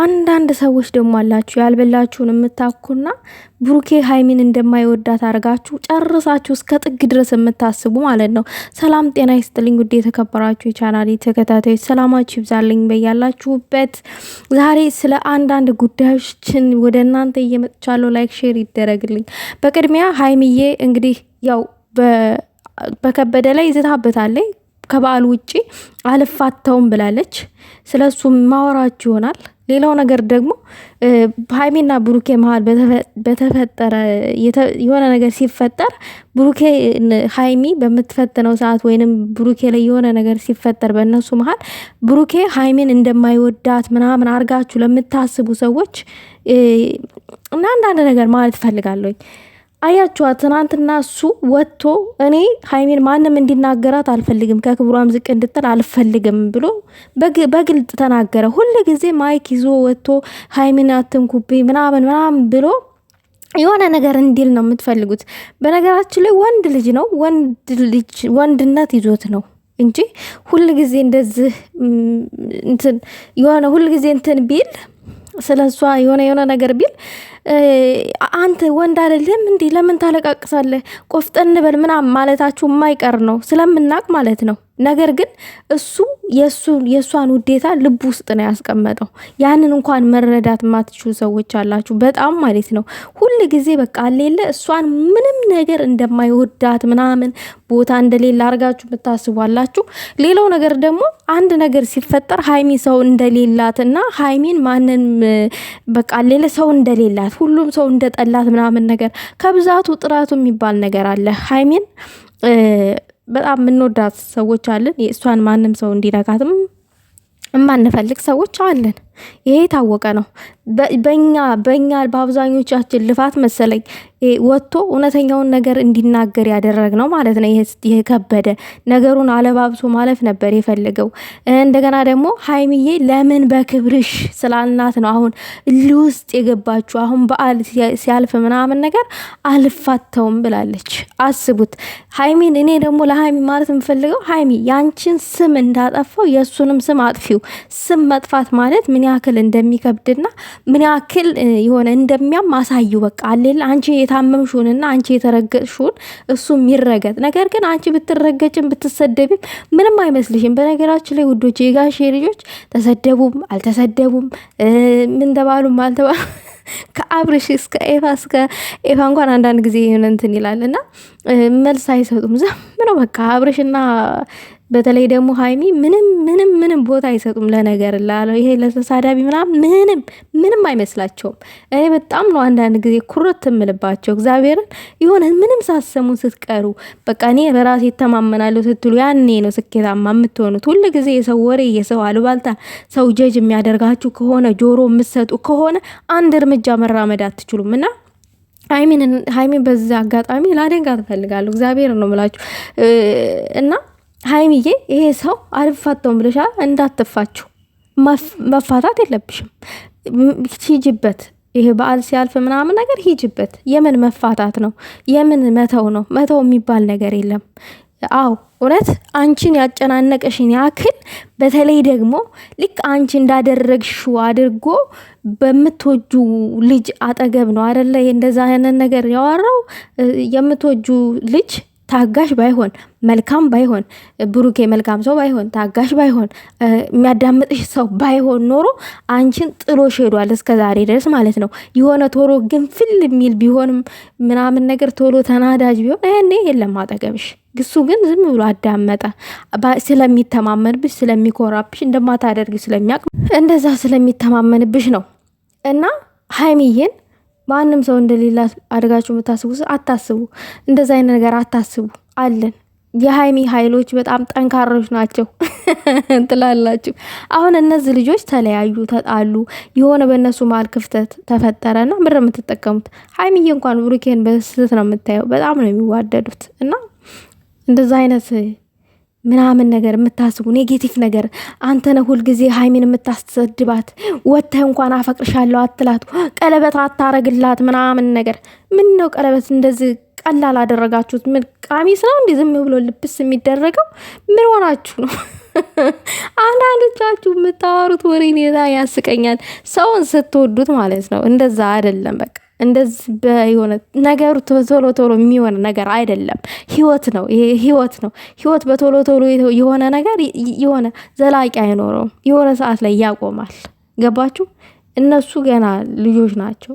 አንዳንድ ሰዎች ደግሞ አላችሁ ያልበላችሁን የምታኩና ብሩኬ ሀይሚን እንደማይወዳት አድርጋችሁ ጨርሳችሁ እስከ ጥግ ድረስ የምታስቡ ማለት ነው። ሰላም ጤና ይስጥልኝ ውድ የተከበራችሁ የቻናሌ ተከታታዮች ሰላማችሁ ይብዛልኝ በያላችሁበት። ዛሬ ስለ አንዳንድ ጉዳዮችን ወደ እናንተ እየመጥቻለሁ። ላይክ ሼር ይደረግልኝ። በቅድሚያ ሀይሚዬ እንግዲህ ያው በከበደ ላይ ይዘታበታለች። ከበዓል ውጪ አልፋታውም ብላለች። ስለ እሱ ማወራችሁ ይሆናል። ሌላው ነገር ደግሞ ሀይሜና ብሩኬ መሀል በተፈጠረ የሆነ ነገር ሲፈጠር ብሩኬ ሀይሚ በምትፈትነው ሰዓት ወይንም ብሩኬ ላይ የሆነ ነገር ሲፈጠር በእነሱ መሀል ብሩኬ ሀይሜን እንደማይወዳት ምናምን አርጋችሁ ለምታስቡ ሰዎች እና አንዳንድ ነገር ማለት እፈልጋለሁኝ። አያችኋ ትናንትና እሱ ወጥቶ እኔ ሀይሜን ማንም እንዲናገራት አልፈልግም፣ ከክብሯም ዝቅ እንድትል አልፈልግም ብሎ በግልጥ ተናገረ። ሁል ጊዜ ማይክ ይዞ ወጥቶ ሀይሜን አትንኩብኝ ምናምን ምናምን ብሎ የሆነ ነገር እንዲል ነው የምትፈልጉት። በነገራችን ላይ ወንድ ልጅ ነው፣ ልጅ ወንድነት ይዞት ነው እንጂ ሁል ጊዜ እንደዚህ እንትን የሆነ ሁል ጊዜ እንትን ቢል ስለ እሷ የሆነ የሆነ ነገር ቢል አንተ ወንድ አይደለም እንዴ? ለምን ታለቃቅሳለህ? ቆፍጠን በል ምናምን ማለታችሁ የማይቀር ነው ስለምናቅ ማለት ነው። ነገር ግን እሱ የእሷን ውዴታ ልብ ውስጥ ነው ያስቀመጠው። ያንን እንኳን መረዳት ማትችሉ ሰዎች አላችሁ፣ በጣም ማለት ነው። ሁል ጊዜ በቃ ሌለ እሷን ምንም ነገር እንደማይወዳት ምናምን ቦታ እንደሌለ አድርጋችሁ ብታስቡ አላችሁ። ሌላው ነገር ደግሞ አንድ ነገር ሲፈጠር ሀይሚ ሰው እንደሌላት እና ሀይሚን ማንን በቃ ሌለ ሰው እንደሌላት ብትጠላት ሁሉም ሰው እንደጠላት ምናምን ነገር ከብዛቱ ጥራቱ የሚባል ነገር አለ። ሀይሜን በጣም የምንወዳት ሰዎች አለን። የእሷን ማንም ሰው እንዲነካትም የማንፈልግ ሰዎች አለን። ይሄ የታወቀ ነው። በኛ በኛ በአብዛኞቻችን ልፋት መሰለኝ ወጥቶ እውነተኛውን ነገር እንዲናገር ያደረግ ነው ማለት ነው። ይሄ ከበደ ነገሩን አለባብሶ ማለፍ ነበር የፈለገው። እንደገና ደግሞ ሀይሚዬ ለምን በክብርሽ ስላልናት ነው አሁን እልህ ውስጥ የገባችሁ። አሁን በዓል ሲያልፍ ምናምን ነገር አልፋተውም ብላለች። አስቡት ሀይሚን። እኔ ደግሞ ለሀይሚ ማለት የምፈልገው ሀይሚ ያንቺን ስም እንዳጠፋው የእሱንም ስም አጥፊው። ስም መጥፋት ማለት ምን ያክል እንደሚከብድና ምን ያክል የሆነ እንደሚያም ማሳዩ በቃ አሌለ አንቺ የታመምሽውንና አንቺ የተረገጥሽውን እሱ የሚረገጥ ነገር ግን አንቺ ብትረገጭም ብትሰደብም ምንም አይመስልሽም። በነገራችን ላይ ውዶች የጋሼ ልጆች ተሰደቡም አልተሰደቡም ምን ተባሉም አልተባሉ ከአብርሽ እስከ ኤፋ እስከ ኤፋ እንኳን አንዳንድ ጊዜ የሆነ እንትን ይላል እና መልስ አይሰጡም። ዘም በቃ አብርሽና በተለይ ደግሞ ሀይሚ ምንም ምንም ምንም ቦታ አይሰጡም ለነገር ላለው ይሄ ለተሳዳቢ ምናምን ምንም ምንም አይመስላቸውም። እኔ በጣም ነው አንዳንድ ጊዜ ኩረት የምልባቸው እግዚአብሔርን የሆነ ምንም ሳሰሙ ስትቀሩ በቃ እኔ በራሴ ይተማመናለሁ ስትሉ ያኔ ነው ስኬታማ የምትሆኑት። ሁል ጊዜ የሰው ወሬ፣ የሰው አሉባልታ፣ ሰው ጀጅ የሚያደርጋችሁ ከሆነ ጆሮ የምትሰጡ ከሆነ አንድ እርምጃ መራመድ አትችሉም እና ሀይሚን በዛ አጋጣሚ ላደንጋ እፈልጋለሁ። እግዚአብሔር ነው ምላችሁ እና ሀይሚዬ ይሄ ሰው አልፋታውም ብለሻ እንዳትፋችሁ። መፋታት የለብሽም ሂጅበት። ይሄ በዓል ሲያልፍ ምናምን ነገር ሂጅበት። የምን መፋታት ነው? የምን መተው ነው? መተው የሚባል ነገር የለም። አው እውነት አንቺን ያጨናነቀሽን ያክል በተለይ ደግሞ ልክ አንቺ እንዳደረግሽው አድርጎ በምትወጁ ልጅ አጠገብ ነው አደለ? እንደዛ ያንን ነገር ያወራው የምትወጁ ልጅ ታጋሽ ባይሆን መልካም ባይሆን ብሩኬ መልካም ሰው ባይሆን ታጋሽ ባይሆን የሚያዳምጥሽ ሰው ባይሆን ኖሮ አንቺን ጥሎሽ ሄዷል እስከ ዛሬ ድረስ ማለት ነው። የሆነ ቶሎ ግንፍል የሚል ቢሆን ምናምን ነገር ቶሎ ተናዳጅ ቢሆን ይሄኔ የለም አጠገብሽ። ግሱ ግን ዝም ብሎ አዳመጠ። ስለሚተማመንብሽ፣ ስለሚኮራብሽ፣ እንደማታደርግ ስለሚያቅ እንደዛ ስለሚተማመንብሽ ነው እና ሀይሚዬን ማንም ሰው እንደሌላ አድጋችሁ የምታስቡ አታስቡ። እንደዛ አይነት ነገር አታስቡ። አለን የሀይሚ ሀይሎች በጣም ጠንካሮች ናቸው ትላላችሁ። አሁን እነዚህ ልጆች ተለያዩ፣ ተጣሉ፣ የሆነ በእነሱ መሀል ክፍተት ተፈጠረ እና ምድር የምትጠቀሙት ሀይሚዬ እንኳን ብሩኬን በስህተት ነው የምታየው። በጣም ነው የሚዋደዱት እና እንደዛ አይነት ምናምን ነገር የምታስቡ ኔጌቲቭ ነገር አንተ ነህ ሁልጊዜ ሀይሚን የምታስሰድባት። ወተህ እንኳን አፈቅርሻለሁ አትላት፣ ቀለበት አታረግላት ምናምን ነገር። ምን ነው ቀለበት እንደዚህ ቀላል አደረጋችሁት? ምን ቀሚስ ነው እንዲህ ዝም ብሎ ልብስ የሚደረገው? ምን ሆናችሁ ነው? አንዳንዶቻችሁ የምታወሩት ወሬ ኔታ ያስቀኛል። ሰውን ስትወዱት ማለት ነው። እንደዛ አይደለም በቃ እንደዚህ በሆነ ነገሩ ቶሎ ቶሎ የሚሆነ ነገር አይደለም። ህይወት ነው፣ ይሄ ህይወት ነው። ህይወት በቶሎ ቶሎ የሆነ ነገር የሆነ ዘላቂ አይኖረውም። የሆነ ሰዓት ላይ ያቆማል። ገባችሁ? እነሱ ገና ልጆች ናቸው።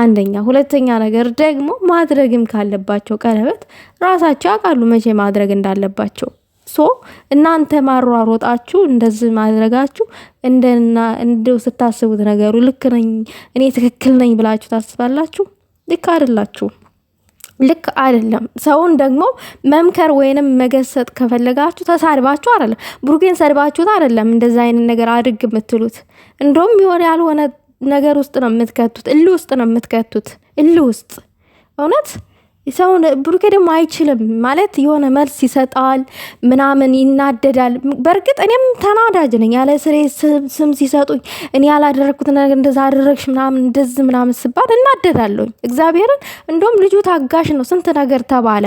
አንደኛ፣ ሁለተኛ ነገር ደግሞ ማድረግም ካለባቸው ቀለበት ራሳቸው ያውቃሉ መቼ ማድረግ እንዳለባቸው። ሶ እናንተ ማሯሮጣችሁ እንደዚህ ማድረጋችሁ እንደና እንደው ስታስቡት ነገሩ ልክ ነኝ እኔ ትክክል ነኝ ብላችሁ ታስባላችሁ። ልክ አይደላችሁም። ልክ አይደለም። ሰውን ደግሞ መምከር ወይንም መገሰጥ ከፈለጋችሁ ተሳድባችሁ አይደለም፣ ብሩኬን ሰድባችሁት አይደለም እንደዛ አይነት ነገር አድርግ የምትሉት እንደውም የሆነ ያልሆነ ነገር ውስጥ ነው የምትከቱት። እል ውስጥ ነው የምትከቱት። እል ውስጥ እውነት ሰውን ብሩኬ ደግሞ አይችልም ማለት የሆነ መልስ ይሰጣል ምናምን ይናደዳል። በእርግጥ እኔም ተናዳጅ ነኝ። ያለ ስሬ ስም ሲሰጡኝ እኔ ያላደረግኩት ነገር እንደዛ አደረግሽ ምናምን እንደዚህ ምናምን ስባል እናደዳለሁኝ። እግዚአብሔርን እንደውም ልጁ ታጋሽ ነው። ስንት ነገር ተባለ።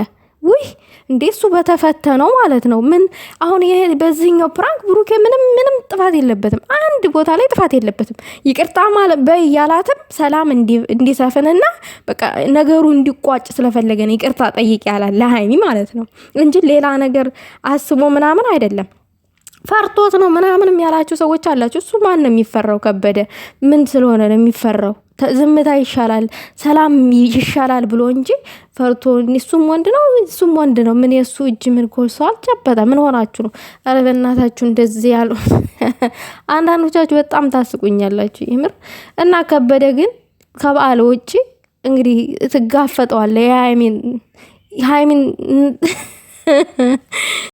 ውይ እንዴ እሱ በተፈተነው ማለት ነው። ምን አሁን ይሄ በዚህኛው ፕራንክ ብሩኬ ምንም ምንም ጥፋት የለበትም። አንድ ቦታ ላይ ጥፋት የለበትም። ይቅርታ ማለት በያላትም ሰላም እንዲሰፍንና በቃ ነገሩ እንዲቋጭ ስለፈለገ ነው ይቅርታ ጠይቅ ያላል ለሀይሚ ማለት ነው እንጂ ሌላ ነገር አስቦ ምናምን አይደለም። ፈርቶት ነው ምናምንም ያላችሁ ሰዎች አላችሁ። እሱ ማን ነው የሚፈራው? ከበደ ምን ስለሆነ ነው የሚፈራው? ዝምታ ይሻላል፣ ሰላም ይሻላል ብሎ እንጂ ፈርቶ እሱም ወንድ ነው እሱም ወንድ ነው። ምን የእሱ እጅ ምን ኮሶ አልጨበጠ። ምን ሆናችሁ ነው? ኧረ በእናታችሁ እንደዚህ ያሉ አንዳንዶቻችሁ በጣም ታስቁኛላችሁ ይምር እና ከበደ ግን ከበዓል ውጭ እንግዲህ ትጋፈጠዋለ የሀይሚን